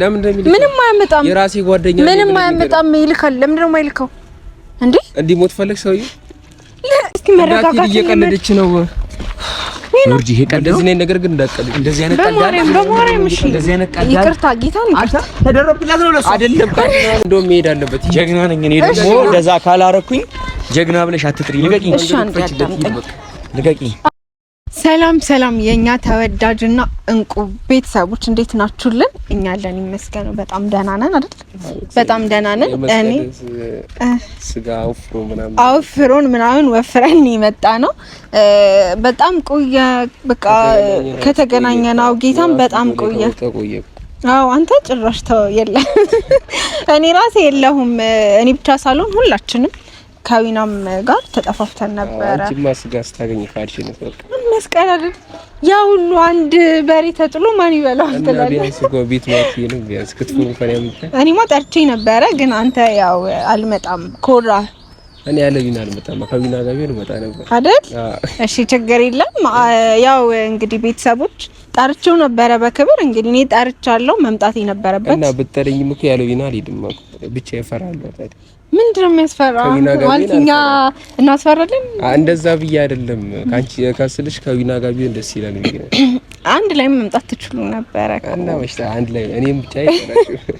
ለምን እንደሚልክ ምንም አያመጣም። የራሴ ጓደኛ ምንም አያመጣም። ይልካል። ለምንድን ነው የማይልከው? እንዴ እንዲሞት ፈለግ ሰውዬ። እስኪ መረጋጋት። እየቀለደች ነው ጆርጅ። ይሄ ቀልድ ነገር ግን እንዳትቀልድ። እንደዚህ አይነት ቀልድ በማርያም እሺ፣ እንደዚህ አይነት ቀልድ ይቅርታ፣ ጌታ ነው። ተደረብላት ነው ለሱ አይደለም። እንደውም መሄድ አለበት። ጀግና ነኝ እኔ ደግሞ። እንደዛ ካላረኩኝ ጀግና ብለሽ አትጥሪ። ልቀቂኝ፣ ልቀቂኝ ሰላም ሰላም የእኛ ተወዳጅና እንቁ ቤተሰቦች እንዴት ናችሁልን? እኛ ያለን ይመስገነው በጣም ደህና ነን አይደል? በጣም ደህና ነን። እኔ ስጋ ምናምን አውፍሮን ምናምን ወፍረን የመጣ ነው። በጣም ቆየ፣ በቃ ከተገናኘን አው ጌታም በጣም ቆየ። አዎ አንተ ጭራሽ ተው የለ እኔ ራሴ የለሁም እኔ ብቻ ሳልሆን ሁላችንም ከዊናም ጋር ተጠፋፍተን ነበረ። አንቺማ ስጋ ስታገኝ ካልሽ ነበር መስቀል ያ ሁሉ አንድ በሬ ተጥሎ ማን ይበላው ትላለህ? ቢያንስ እኮ ቤት ማለት ነው። ቢያንስ ክትፎ እንኳን ያምጣ። እኔማ ጠርቼ ነበረ፣ ግን አንተ ያው አልመጣም ኮራ። እኔ ያለ ዊና አልመጣም፣ ከዊና ጋር ቢሆን እመጣ ነበር አይደል? እሺ፣ ችግር የለም። ያው እንግዲህ ቤተሰቦች ጠርቼው ነበረ በክብር እንግዲህ እኔ ጠርቻለሁ፣ መምጣት የነበረበት እና ብትጠሪኝም እኮ ያለ ዊና አልሄድም ብቻ ይፈራል። ምንድነው የሚያስፈራ ማለት እኛ እናስፈራለን? እንደዛ ብዬ አይደለም። ካንቺ ካስልሽ ከዊና ጋር ቢሆን ደስ ይላል። አንድ ላይ መምጣት ትችሉ ነበረ። እና አንድ ላይ እኔም ብቻ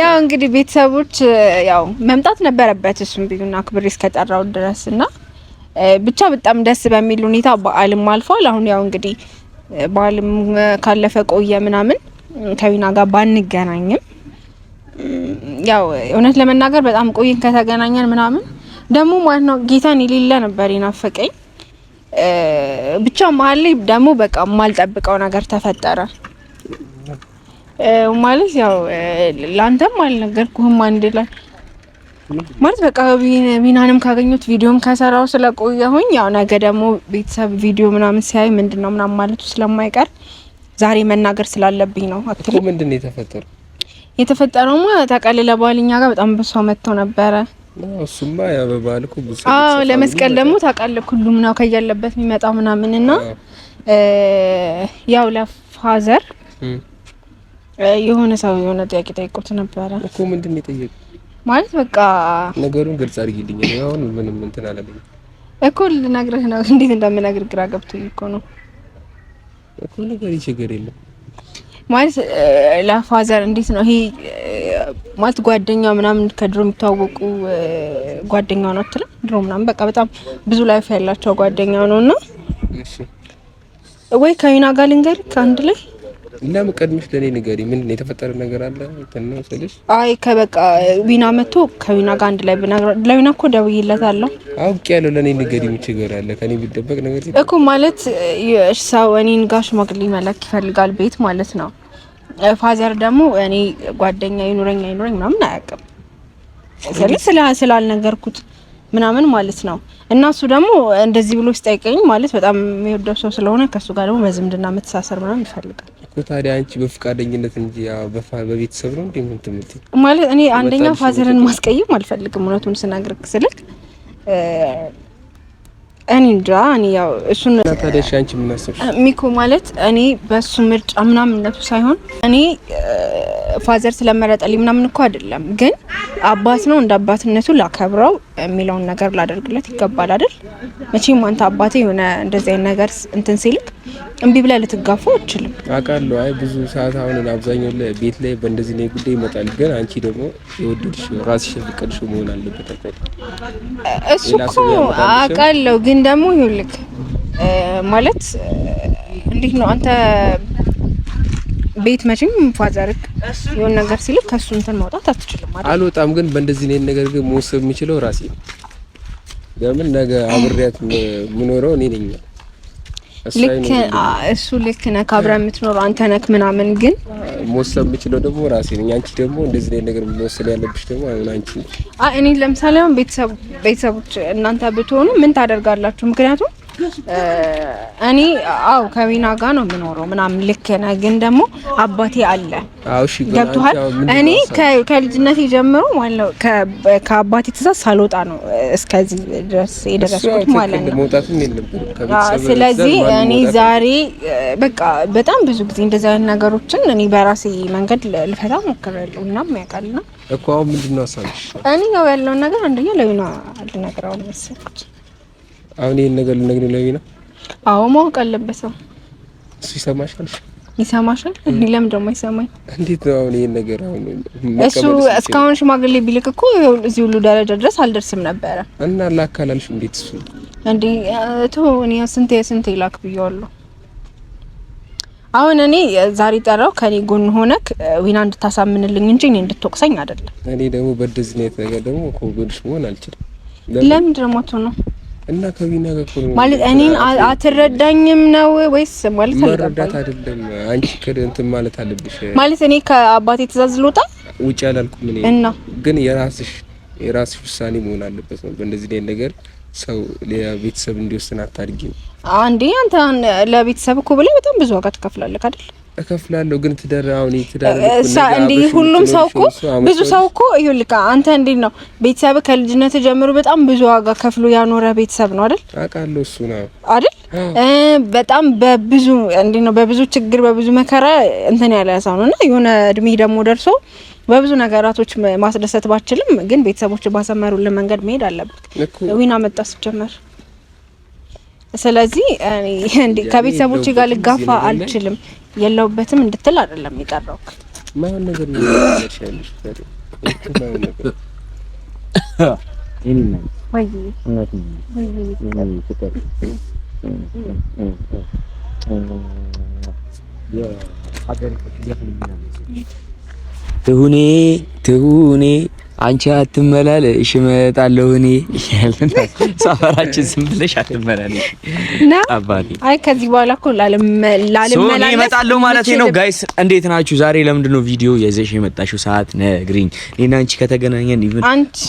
ያው እንግዲህ ቤተሰቦች ያው መምጣት ነበረበት። እሱም ቢዩና ክብሬ እስከጠራው ድረስ እና ብቻ በጣም ደስ በሚል ሁኔታ በዓልም አልፏል። አሁን ያው እንግዲህ በዓልም ካለፈ ቆየ ምናምን ከዊና ጋር ባንገናኝም ያው እውነት ለመናገር በጣም ቆይን ከተገናኘን ምናምን ደግሞ ማለት ነው ጌታን የሌለ ነበር የናፈቀኝ። ብቻ መሀል ላይ ደግሞ በቃ የማልጠብቀው ነገር ተፈጠረ። ማለት ያው ላንተም አልነገርኩህም አንድ ላይ ማለት በቃ ቢናንም ካገኙት ቪዲዮም ከሰራው ስለቆየሁኝ ያው ነገ ደግሞ ቤተሰብ ቪዲዮ ምናምን ሲያይ ነው ምናምን ማለቱ ስለማይቀር ዛሬ መናገር ስላለብኝ ነው። ምንድን የተፈጠረው? የተፈጠረው ማ ታውቃለህ፣ ለበዓል ጋር በጣም ብሶ መጥቶ ነበረ። እሱማ ያው በበዓል እኮ ብሶ። አዎ ለመስቀል ደግሞ ታውቃለህ፣ ሁሉም ነው ከያለበት የሚመጣው ምናምን እና ያው ለፋዘር የሆነ ሰው የሆነ ጥያቄ ጠይቆት ነበረ እኮ። ምንድን ነው የጠየቀው? ማለት በቃ ነገሩን ግልጽ አድርጊልኝ። አሁን ምንም እንትን አላለኝ እኮ ልነግርህ ነው። እንዴት እንደምነግር ግራ ገብቶኝ እኮ ነው እኮ። ነገር ችግር የለም ማለት ለፋዘር እንዴት ነው ይሄ ማለት ጓደኛው ምናምን ከድሮ የሚታወቁ ጓደኛው ነው አትልም? ድሮ ምናምን በቃ በጣም ብዙ ላይፍ ያላቸው ጓደኛው ነው እና ወይ ከዩና ጋር ልንገርህ ከአንድ ላይ እና መቀድምሽ ለኔ ንገሪ፣ ምንድን ነው የተፈጠረ ነገር አለ እንትን ስልሽ፣ አይ ከበቃ ዊና መጥቶ ከዊና ጋር አንድ ላይ ብነግራ፣ ለዊና እኮ ደውዬለታለሁ። አውቄ ያለው ለኔ ንገሪ፣ ምን ችግር አለ? ከኔ ቢደበቅ ነገር እኮ ማለት ሰው እኔን ጋር ሽማግሌ መላክ ይፈልጋል፣ ቤት ማለት ነው። ፋዘር ደግሞ እኔ ጓደኛ ይኑረኝ አይኑረኝ ምናምን አያውቅም። ስለዚህ ስላልነገርኩት ምናምን ማለት ነው። እና እሱ ደግሞ እንደዚህ ብሎ ሲጠይቀኝ ማለት በጣም የሚወደው ሰው ስለሆነ ከእሱ ጋር ደግሞ በዝምድና መተሳሰር ምናምን ይፈልጋል። ታዲያ አንቺ በፍቃደኝነት እንጂ በቤተሰብ ነው እንዴ? ምን ትምት ማለት እኔ አንደኛ ፋዘርን ማስቀየም አልፈልግም። እውነቱን ስናገር ስልክ እኔ እንጃ እኔ ያው እሱን ታዲያ አንቺ ምን አሰብሽ ሚኮ? ማለት እኔ በሱ ምርጫ ምናምነቱ ሳይሆን እኔ ፋዘር ስለመረጠልኝ ምናምን እኮ አይደለም፣ ግን አባት ነው እንደ አባትነቱ ላከብረው የሚለውን ነገር ላደርግለት ይገባል አይደል? መቼም አንተ አባቴ የሆነ እንደዚህ አይነት ነገር እንትን ሲልክ እምቢ ብላ ልትጋፋ አችልም አውቃለሁ። አይ ብዙ ሰዓት አሁን አብዛኛው ቤት ላይ በእንደዚህ ነው ጉዳይ ይመጣል። ግን አንቺ ደግሞ የወደድሽ ራስሽ ፍቅድሽ መሆን አለበት። እሱ እኮ አውቃለሁ። ግን ደግሞ ይኸውልህ ማለት እንዴት ነው አንተ ቤት መቼም ፋዘርክ የሆነ ነገር ሲል ከሱ እንትን ማውጣት አትችልም ማለት አልወጣም። ግን በእንደዚህ ነው ነገር ግን መወሰብ የሚችለው ራሴ ነው። ለምን ነገ አብሬያት የምኖረው እኔ ነኝ። ልክ እሱ ልክ ነህ። ካብራ የምትኖረው አንተ ነህ ምናምን፣ ግን መወሰን የምችለው ደግሞ ራሴ ነኝ። አንቺ ደግሞ እንደዚህ ላይ ነገር መወሰን ያለብሽ ደግሞ አሁን አንቺ። አይ እኔ ለምሳሌ አሁን ቤተሰቦች እናንተ ብትሆኑ ምን ታደርጋላችሁ? ምክንያቱም እኔ አው ከቢና ጋር ነው የምኖረው ምናምን ልክ ነህ፣ ግን ደግሞ አባቴ አለ አው እሺ ገብቶሃል። እኔ ከልጅነቴ ጀምሮ ማለት ነው ከአባቴ ትእዛዝ ሳልወጣ ነው እስከዚህ ድረስ የደረስኩት ማለት ነው። ስለዚህ እኔ ዛሬ በቃ በጣም ብዙ ጊዜ እንደዚህ አይነት ነገሮችን እኔ በራሴ መንገድ ልፈታ ሞክሬያለሁ። ምናምን ያውቃልና እኮ አሁን ምንድን ነው እኔ ያው ያለውን ነገር አንደኛ ለቤና ልነግረው መሰለኝ አሁን ይሄን ነገር ልነግሪው ለዊ ነው? አዎ ማወቅ አለበት ሰው። እሱ ይሰማሻል? ይሰማሻል? ለምን ደግሞ አይሰማኝ? እንዴት ነው አሁን ይሄን ነገር አሁን እሱ እስካሁን ሽማግሌ ቢልክ እኮ እዚህ ሁሉ ደረጃ ድረስ አልደርስም ነበረ። እና ላካላልሽ እንዴት እሱ እንዴ እቶ እኔ ስንቴ ስንቴ ላክ ብየዋለሁ። አሁን እኔ ዛሬ ጠራው ከኔ ጎን ሆነክ ዊና እንድታሳምንልኝ እንጂ እኔ እንድትወቅሰኝ አይደለም። እኔ ደግሞ በደዝኔት ነገር ደግሞ እኮ ጎንሽ መሆን አልችልም። ለምን ድረሞቱ ነው እና ከዊና ጋር ነው ማለት እኔን አትረዳኝም ነው ወይስ ማለት መረዳት አይደለም። አንቺ ማለት አለብሽ ማለት እኔ ከአባቴ ትእዛዝ ልወጣ ውጭ አላልኩም። እኔ እና ግን የራስሽ የራስሽ ውሳኔ መሆን አለበት ነው። በእንደዚህ ላይ ነገር ሰው ሌላ ቤተሰብ እንዲወስን አታድጊ። አንዴ አንተ ለቤተሰብ እኮ ብለህ በጣም ብዙ ዋጋ ትከፍላለህ አይደል? እከፍላለሁ ግን ትዳር አሁን ትዳር ሁሉም ሰው እኮ ብዙ ሰው እኮ ይኸውልህ፣ አንተ እንዴት ነው ቤተሰብ ከልጅነት ጀምሮ በጣም ብዙ ዋጋ ከፍሎ ያኖረ ቤተሰብ ነው አይደል? አውቃለሁ። እሱ ነው አይደል? በጣም በብዙ እንዴት ነው በብዙ ችግር በብዙ መከራ እንትን ያለ ሰው ነውና የሆነ እድሜ ደግሞ ደርሶ በብዙ ነገራቶች ማስደሰት ባችልም ግን ቤተሰቦች ባሰመሩልን መንገድ መሄድ አለበት። ዊና መጣ ስጀመር ስለዚህ ከቤተሰቦች ጋር ልጋፋ አልችልም የለውበትም እንድትል አይደለም የቀረው ነገር ትሁኔ ትሁኔ አንቺ አትመላል። እሺ እመጣለሁ እኔ ያለን ሰፈራችን ዝም ብለሽ አትመላል። አይ ከዚህ በኋላ እኮ እመጣለሁ ማለት ነው። ጋይስ እንዴት ናችሁ? ዛሬ ለምንድን ነው ቪዲዮ የዘሽ የመጣሽው? ሰዓት ነግሪኝ። እኔና አንቺ ከተገናኘን ኢቭን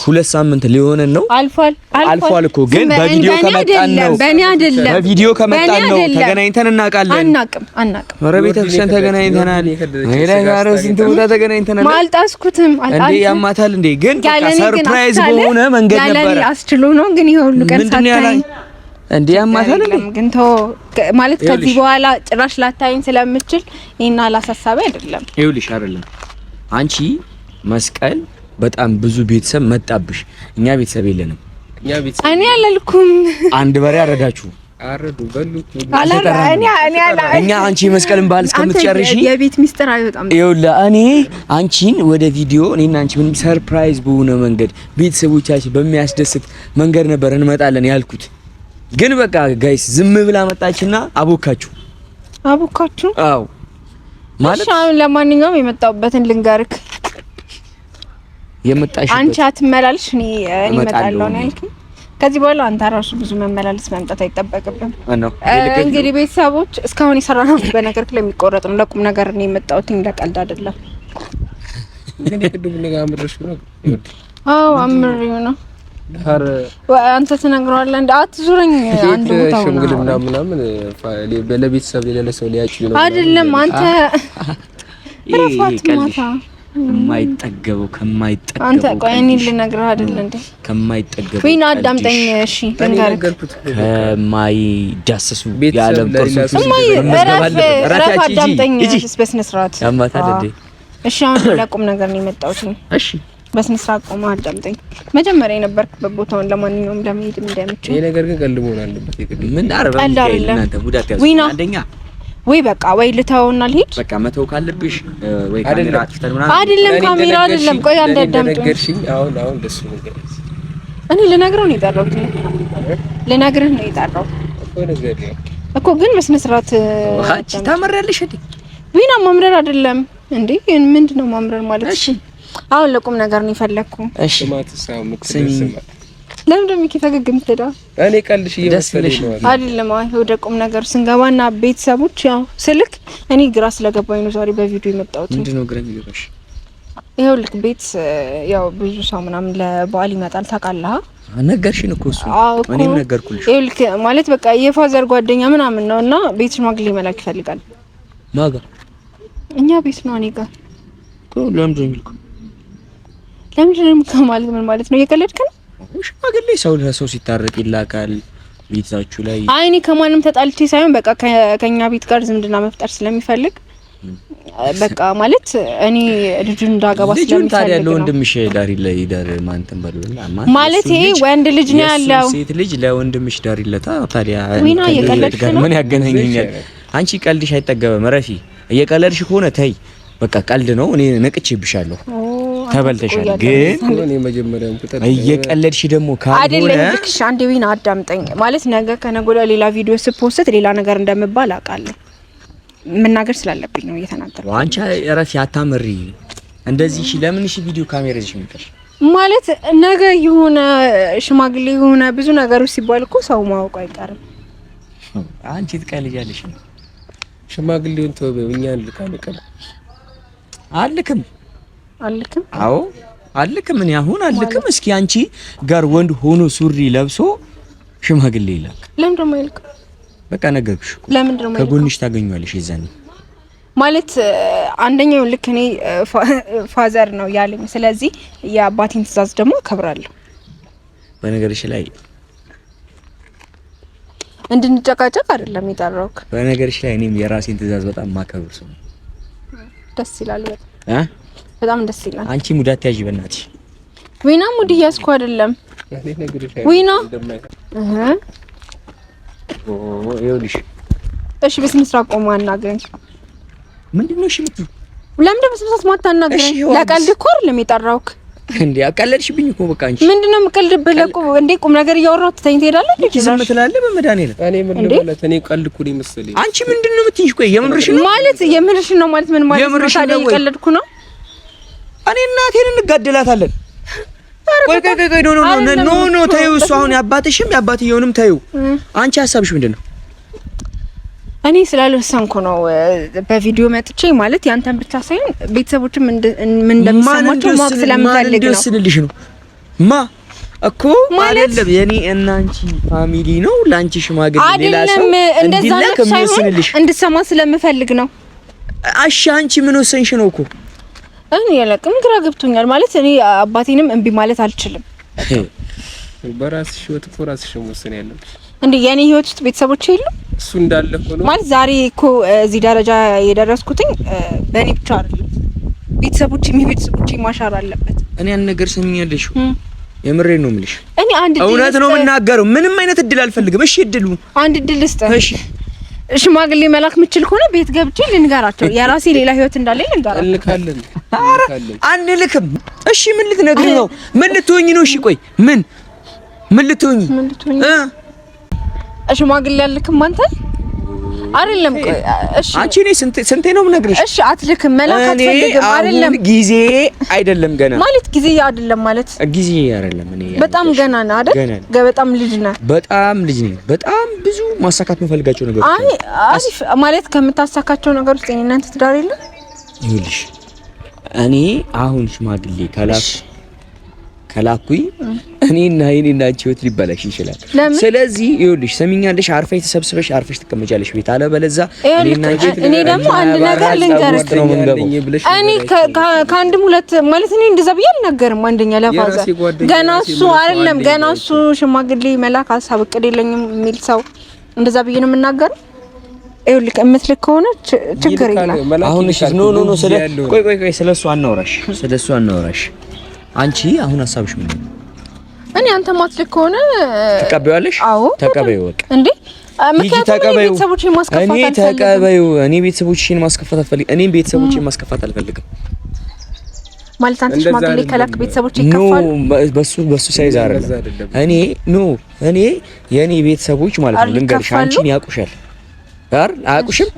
ሁለት ሳምንት ሊሆነን ነው። አልፏል አልፏል እኮ ግን በቪዲዮ ከመጣን ነው በእኔ አይደለም በቪዲዮ ከመጣን ነው። ተገናኝተን እናውቃለን። አናውቅም አናውቅም። ኧረ ቤተክርስቲያን ተገናኝተናል። ይሄ ላይ ጋር ስንት ቦታ ተገናኝተናል። ማልጣስኩትም እንዴ ያማታል እንዴ ግን ሰርፕራይዝ በሆነ መንገድ ነበር አስችሎ ነው። ግን ይሄ ሁሉ ቀን ሳታይ እንዴ ያማታል ግን ተ ማለት ከዚህ በኋላ ጭራሽ ላታይን ስለምችል ይሄን አላሳሳቢ አይደለም። ይኸውልሽ አይደለም አንቺ መስቀል በጣም ብዙ ቤተሰብ መጣብሽ። እኛ ቤተሰብ የለንም። እኛ ቤተሰብ እኔ አላልኩም። አንድ በሬ አረዳችሁ አረዱ በሉ እኛ አንቺ የመስቀልን ባህል እስከምትጨርሺ የቤት ሚስጥር አይወጣም። ይኸውልህ እኔ አንቺን ወደ ቪዲዮ እኔና አንቺ ምንም ሰርፕራይዝ በሆነ መንገድ ቤተሰቦቻችን በሚያስደስት መንገድ ነበር እንመጣለን ያልኩት፣ ግን በቃ ጋይስ ዝም ብላ መጣችና አቦካችሁ አቦካችሁ። አዎ ማለት ለማንኛውም የመጣሁበትን ልንገርክ። የመጣሽ አንቺ አትመላልሽ እኔ እመጣለሁ ነው ያልኩኝ ከዚህ በኋላ አንተ ራሱ ብዙ መመላለስ መምጣት አይጠበቅብም። እንግዲህ ቤተሰቦች እስካሁን የሰራነው በነገር ለሚቆረጥ ነው። ለቁም ነገር ነው የመጣሁት፣ ለቀልድ አይደለም። አዎ አምሬው ነው። አንተ ትነግረዋለህ። እንደ አትዙረኝ አንድ ቦታ ምናምን ለቤተሰብ ሌላ ሰው ሊያጭ ነው አይደለም አንተ ረፋት ማታ ከማይጠገበው ከማይጠገበው አንተ ቆይ እኔ ልነግርህ አይደል እንዴ? ከማይጠገበው ዊና አዳምጠኝ። እሺ ከማይዳሰሱ የዓለም ቅርሶች አዳምጠኝ በስነ ስርዓት ያማታል እንዴ? እሺ አሁን ለቁም ነገር ነው የመጣሁት። እሺ በስነ ስርዓት አዳምጠኝ። መጀመሪያ የነበርክበት ቦታውን ለማንኛውም እንደምችል ይሄ ነገር ግን ቀልድ መሆን አለበት። ምን ቀልድ አይደለም። አንደኛ ወይ በቃ ወይ ልተውና ልሂድ። በቃ መተው ካለብሽ ወይ ካሜራ አጥፍተን ምናምን አይደለም፣ ካሜራ አይደለም። ቆይ እንደነገርሽኝ አሁን አሁን ደስ ነገር እኔ ልነግረው ነው የጠራሁት፣ ልነግርህ ነው የጠራሁት እኮ ግን በስነ ስርዓት አንቺ ታመሪያለሽ እዲ ቢና ማምረር አይደለም እንዴ? ምንድን ነው ማምረር ማለት? እሺ አሁን ለቁም ነገር ነው የፈለኩ። እሺ ሙክስ ለምንድን ደም ፈገግ የምትለው? እኔ ቀልሽ እየመሰለሽ አይደለም። አይ ወደ ቁም ነገሩ ስንገባና ቤተሰቦች ያው ስልክ እኔ ግራ ስለገባኝ ነው ዛሬ በቪዲዮ የመጣሁት። ምንድን ነው ግራ የሚገባሽ? ይኸው ልክ ቤት ያው ብዙ ሰው ምናምን ለበዓል ይመጣል ታውቃለህ። ነገርሽን እኮ እሱ እኔም ነገርኩልሽ። ይኸው ልክ ማለት በቃ የፋዘር ጓደኛ ምናምን ነው እና ቤት ሽማግሌ መላክ ይፈልጋል። ማጋ እኛ ቤት ነው እኔ ጋር ለምንድን ነው የሚልኩ? ለምንድን ነው ማለት ምን ማለት ነው? እየቀለድክ ነው ሽማግሌ ሰው ለሰው ሲታረቅ ይላካል። ቤታችሁ ላይ አይ እኔ ከማንም ተጣልቼ ሳይሆን በቃ ከኛ ቤት ጋር ዝምድና መፍጠር ስለሚፈልግ በቃ ማለት እኔ ልጁን እንዳገባ ስለሚፈልግ ታዲያ ለወንድምሽ ዳሪ ላይ ዳር ማንተም በሉና ማለት ይሄ ወንድ ልጅ ነው ያለው ሴት ልጅ ለወንድምሽ ዳሪ ለታ ታዲያ ምን እየቀለድሽ ነው? ምን ያገናኘኛል? አንቺ ቀልድሽ አይጠገበም። ረፊ እየቀለድሽ ከሆነ ተይ በቃ ቀልድ ነው። እኔ ነቅቼብሻለሁ። ተበልተሻል። ግን እየቀለድሽ ደግሞ አይደለም። ልክሽ አንድ ዊን አዳምጠኝ ማለት ነገ ከነገ ወዲያ ሌላ ቪዲዮ ስፖስት ሌላ ነገር እንደምባል አውቃለሁ። መናገር ስላለብኝ ነው እየተናገርኩ። አንቺ እረፊ፣ አታምሪ እንደዚህ። እሺ፣ ለምን እሺ፣ ቪዲዮ ካሜራ ይዘሽ መጣሽ ማለት ነገ የሆነ ሽማግሌ የሆነ ብዙ ነገሮች ሲባል እኮ ሰው ማወቁ አይቀርም። አንቺ ትቀልጃለሽ። ሽማግሌውን ተወው፣ እኛ እንልካለን። አልክም አልክም። አዎ አልክም። እኔ አሁን አልክም። እስኪ አንቺ ጋር ወንድ ሆኖ ሱሪ ለብሶ ሽማግሌ ይላክ። ለምን ደሞ ይልክ? በቃ ነገርኩሽ። ለምን ደሞ ይልክ? ከጎንሽ ታገኛለሽ። ይዘን ማለት አንደኛው ልክ እኔ ፋዘር ነው ያለኝ። ስለዚህ የአባቴን ትዕዛዝ ደግሞ አከብራለሁ። በነገርሽ ላይ እንድንጨቃጨቅ አይደለም የጠራሁት። በነገርሽ ላይ እኔም የራሴን ትዕዛዝ በጣም ማከብር ሰው ነው። ደስ ይላል። በጣም በጣም ደስ ይላል። አንቺ ሙድ አትያዥ በእናትሽ። ዊና ሙድ እያዝኩ አይደለም። ዊና እሺ፣ በስነ ስርዓት ቆማ አናግረኝ። ምንድን ነው እሺ የምትይው? ለምንድን በስነ ስርዓት ማታናግረኝ? ለቀልድ እኮ አይደለም የጠራሁህ እንዴ አቃለልሽብኝ እኮ በቃ አንቺ ምንድነው የምቀልድብህ? ለቁ እንዴ ቁም ነገር እያወራሁ ትተኝ ትሄዳለህ እንዴ? ዝም ትላለህ። በመድኃኒዓለም ቀልድኩ ነው አንቺ ነው ማለት የምርሽን ነው ማለት ምን ማለት ነው? ታዲያ ነው እኔ። እናቴን እንጋደላታለን። ቆይ ቆይ ቆይ፣ ኖ ኖ ኖ ተይው። እሱ አሁን ያባትሽም ያባትየውንም ተይው። አንቺ ሀሳብሽ ምንድነው እኔ ስላልወሰንኩ ነው በቪዲዮ መጥቼ ማለት ያንተን ብቻ ሳይሆን ቤተሰቦችም ምን እንደሚሰማቸው ማወቅ ስለምፈልግ ነው። ስልልሽ ነው ማ እኮ ማለት የኔ እና አንቺ ፋሚሊ ነው ለአንቺ ሽማግሌ ሌላ ሰው እንዲላክ የምወስንልሽ እንድሰማ ስለምፈልግ ነው። እሺ አንቺ ምን ወሰንሽ ነው እኮ እኔ ያለቅም ግራ ገብቶኛል። ማለት እኔ አባቴንም እምቢ ማለት አልችልም። በራስሽ ወጥፎ ራስሽ ወሰን ያለብሽ እንዴ የኔ ህይወት ውስጥ ቤተሰቦች የሉም። እሱ እንዳለ ሆኖ ማለት ዛሬ እኮ እዚህ ደረጃ የደረስኩትኝ በእኔ ብቻ አይደለም። ቤተሰቦቼ የቤተሰቦቼ ማሻር አለበት። እኔ ያን ነገር ሰሚያለሽ፣ የምሬ ነው የምልሽ። እኔ አንድ እውነት ነው የምናገረው። ምንም አይነት እድል አልፈልግም። እሺ እድሉ አንድ እድል ስጠ። እሺ ሽማግሌ መላክ የምችል ከሆነ ቤት ገብቼ ልንገራቸው፣ የራሴ ሌላ ህይወት እንዳለኝ ልንገራቸው። እንልካለን፣ አንልክም። እሺ ምን ልትነግሪኝ ነው? ምን ልትሆኝ ነው? እሺ ቆይ ምን ምን ምን ልትሆኝ እ ሽማግሌ አልልክም አንተ አይደለም። እሺ አንቺ ነኝ ስንቴ ስንቴ ነው የምነግርሽ? እሺ አትልክም፣ መላክ አትፈልግም። አይደለም ጊዜ አይደለም ገና ማለት ጊዜ አይደለም ማለት ጊዜ አይደለም። እኔ በጣም ገና ነው አይደል? በጣም ልጅ ነህ። በጣም ልጅ ነኝ። በጣም ብዙ ማሳካት የምፈልጋቸው ነገሮች አይ አሪፍ ማለት ከምታሳካቸው ነገር ውስጥ እኔ እናንተ ትዳር የለም። ይኸውልሽ እኔ አሁን ሽማግሌ ካላክ ከላኩኝ እኔና የኔና አንቺ ህይወት ሊበላሽ ይችላል። ስለዚህ ይኸውልሽ ሰሚኛለሽ፣ አርፈሽ ተሰብስበሽ አርፈሽ ትቀመጫለሽ ቤት። አለበለዚያ እኔ ደግሞ አንድ ነገር እኔ ከአንድም ሁለት ማለት እኔ እንደዛ ብዬ አልናገርም። አንደኛ ለፋዛ ገና እሱ አይደለም ገና እሱ ሽማግሌ መላክ ሀሳብ እቅድ የለኝም የሚል ሰው እንደዛ ብዬ ነው የምናገረው። ይኸውልህ ከሆነ ችግር የለም። አሁን እሺ፣ ኖ ኖ ኖ፣ ስለ ቆይ ቆይ ቆይ፣ ስለሱ አናውራሽ፣ አናውራሽ አናውራሽ አንቺ አሁን ሀሳብሽ ምን ነው? እኔ አንተ ማትልክ ከሆነ ተቀበያለሽ? አዎ ተቀበዩ። በቃ እንዴ እኔ ቤተሰቦችሽን ማስከፋት አልፈልግም። እኔም ቤተሰቦችሽን ማስከፋት አልፈልግም። ማለት አንተሽ ማትልክ ከላክ ቤተሰቦች ይከፋሉ። በሱ በሱ ሳይዝ አይደለም። እኔ ኖ እኔ የኔ ቤተሰቦች ማለት ነው ልንገርሽ፣ አንቺን ያውቁሻል አይደል? አያውቁሽም፣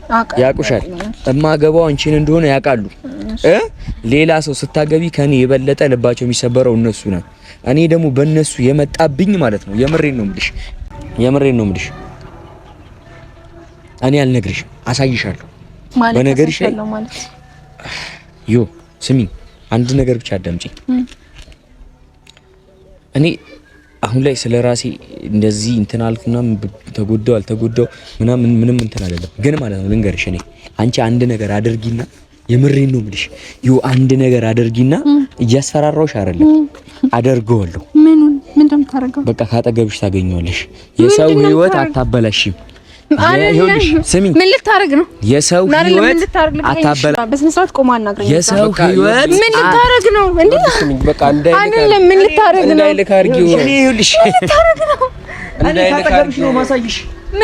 ያውቁሻል። እማገባው አንቺን እንደሆነ ያውቃሉ። ሌላ ሰው ስታገቢ ከኔ የበለጠ ልባቸው የሚሰበረው እነሱ ነው። እኔ ደግሞ በእነሱ የመጣብኝ ማለት ነው። የምሬን ነው የምልሽ፣ የምሬን ነው የምልሽ። እኔ አልነግርሽም፣ አሳይሻለሁ በነገርሽ ላይ ዮ ስሚኝ፣ አንድ ነገር ብቻ አዳምጪ። እኔ አሁን ላይ ስለ ራሴ እንደዚህ እንትን አልኩና ተጎዳው አልተጎዳው ምናምን ምንም እንትን አይደለም። ግን ማለት ነው ልንገርሽ፣ እኔ አንቺ አንድ ነገር አድርጊና የምሬን ነው የምልሽ። ዩ አንድ ነገር አድርጊና እያስፈራራሁሽ አይደለም፣ አደርገዋለሁ። ምኑን ምን እንደምታደርገው በቃ ካጠገብሽ ታገኘዋለሽ። የሰው ህይወት አታበላሽም። ምን ልታረግ ነው? የሰው ህይወት አታበላ። በስነ ስርዓት ቆማ አናግረኝ። የሰው ህይወት ምን ልታረግ ነው? እንዴ በቃ አይደለም። ምን ልታረግ ነው?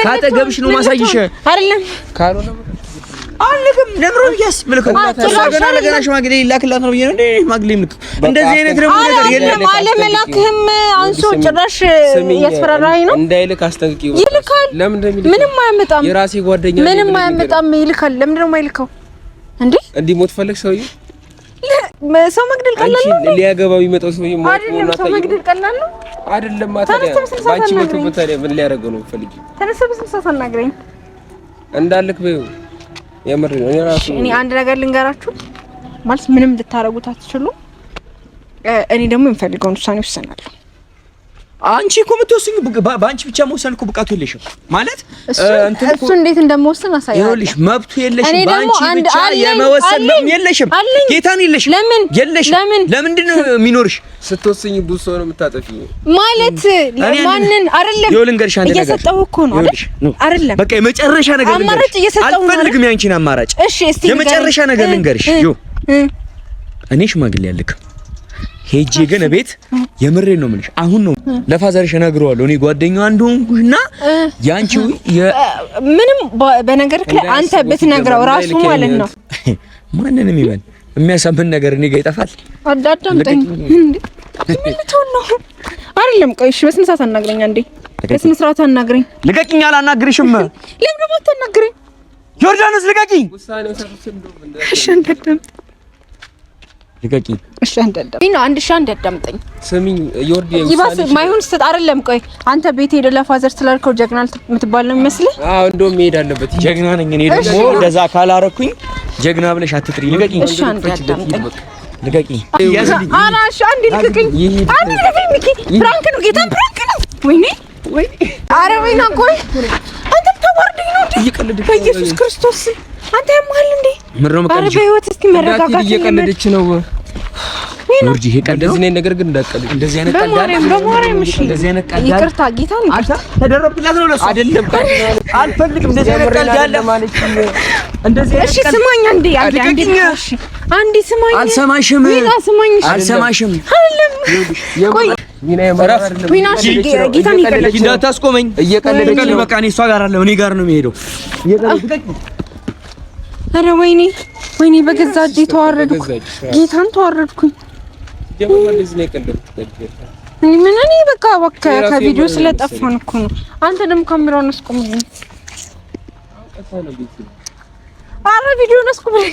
ካጠገብሽ ነው ማሳይሽ። አልልክም። ነግሮኝ ያስ ምልክ ታሳገና ለገና ሽማግሌ ላክላት ነው ብዬ ነው እንዴ? ሽማግሌ ምልክ እንደዚህ አይነት ደግሞ ነገር የለም። አለመላክህም አንሶ ጭራሽ እያስፈራራኸኝ ነው። እንዳይልክ አስጠንቅቂው። ይልካል። ምንም አያመጣም። የራሴ ጓደኛ ምንም አያመጣም። ይልካል። ለምንድን ነው የማይልከው? እንዴ እንዲህ ሞት ፈለግ ሰውዬው ሰው መግደል ቀላል ነው። ሊያገባ የሚመጣው ሰው ሰው መግደል ቀላል ነው አይደለም። ምን ሊያደርገው ነው? እንዳልክ በይው የምር እኔ ራሱ እኔ አንድ ነገር ልንገራችሁ ማለት ምንም ልታረጉት አትችሉ። እኔ ደግሞ የምፈልገውን ውሳኔ ወስናለሁ። አንቺ እኮ የምትወስኙ በአንቺ ብቻ መወሰን እኮ ብቃቱ የለሽም። ማለት እሱ እንዴት እንደምወስን አሳያለሁ። መብቱ የለሽም፣ በአንቺ ብቻ የመወሰን ነው የለሽም። ጌታን የለሽም። ለምን የለሽም? ለምንድን ነው የሚኖርሽ? ስትወስኝ ብዙ ሰው ነው የምታጠፊው። ማለት ማንን አይደለም። ይኸውልሽ አንድ ነገር እየሰጠሁ እኮ ነው አይደል አይደለም። በቃ የመጨረሻ ነገር ልንገርሽ። አልፈልግም ያንቺን አማራጭ። እሺ እስቲ የመጨረሻ ነገር ልንገርሽ። እኔ ሽማግሌ ያልክ ሄጄ ግን ቤት የምሬ ነው የምልሽ። አሁን ነው ለፋዘርሽ እነግረዋለሁ እኔ ጓደኛዋ እንደሆንኩሽና ያንቺ ምንም በነገር ላይ አንተ ብትነግረው ራሱ ማለት ነው ማንንም ይበል የሚያሳምን ነገር እኔ ጋር ይጠፋል። አዳዳምጠኝ እንዴ ምን ነው? አይደለም ቆይ እሺ፣ በስነ ስርዓት አናግረኝ። አንዴ በስነ ስርዓት አናግረኝ። ልቀቂኝ! አላናግርሽም። ለምን አታናግረኝ? ዮርዳኖስ ልቀቂኝ! እሺ፣ እንዳዳምጠኝ ልቀቂ። እሺ አንድ ሺህ አንድ አዳምጠኝ። ስሚኝ ዮርዲ ይባስ ማይሆን ስትጣ አይደለም። ቆይ አንተ ቤት ሄደ ለፋዘር ስላልከው ጀግና የምትባል ነው የሚመስልህ? አዎ እንደውም መሄድ አለበት። ጀግና ነኝ እኔ ደግሞ እንደዛ ካላረኩኝ ጀግና ብለሽ አትጥሪ። ልቀቂ። እሺ አንድ ልቀቂ። አና እሺ አንድ ልቀቂኝ። አንድ ልቀቂኝ። ሚኪ ፍራንክ ነው ጌታ ፍራንክ ነው። ወይኔ ወይ አረ ወይና ቆይ አንተ ተዋርደኝ ነው እንዴ? በኢየሱስ ክርስቶስ አንተ ያማል እንዴ? ምነው መቀልጅ? አረ በህይወት እስቲ መረጋጋት። እየቀለደች ነው ጆርጂ። ይሄ ቀልድ እዚህ ነው። ነገር ግን እንዳትቀልድ። እንደዚህ አይነት ቀልድ አይደለም። በማርያም እሺ፣ እንደዚህ አይነት ቀልድ ይቅርታ፣ ጌታ ነው። ተደረብላት ነው ለሱ አይደለም። አልፈልግም። እንደዚህ አይነት ቀልድ ያለ ማለት እንደዚህ እሺ ስማኝ አንዴ፣ አንዴ፣ አንዴ ስማኝ። አልሰማሽም፣ አንዴ ስማኝ። አልሰማሽም አይደለም። ቆይ ጌታን ይቀልድ እንዳታስቆመኝ። እየቀለደች በቃ እኔ እሷ ጋር አለው እኔ ጋር ነው የሚሄደው አረ ወይኔ ወይኔ፣ በገዛ እጄ ተዋረድኩ። ጌታን ተዋረድኩኝ። ምን እኔ በቃ በቃ ከቪዲዮ ስለጠፋን እኮ ነው። አንተ ደግሞ ካሜራውን አስቆም። አረ ቪዲዮውን አስቆም።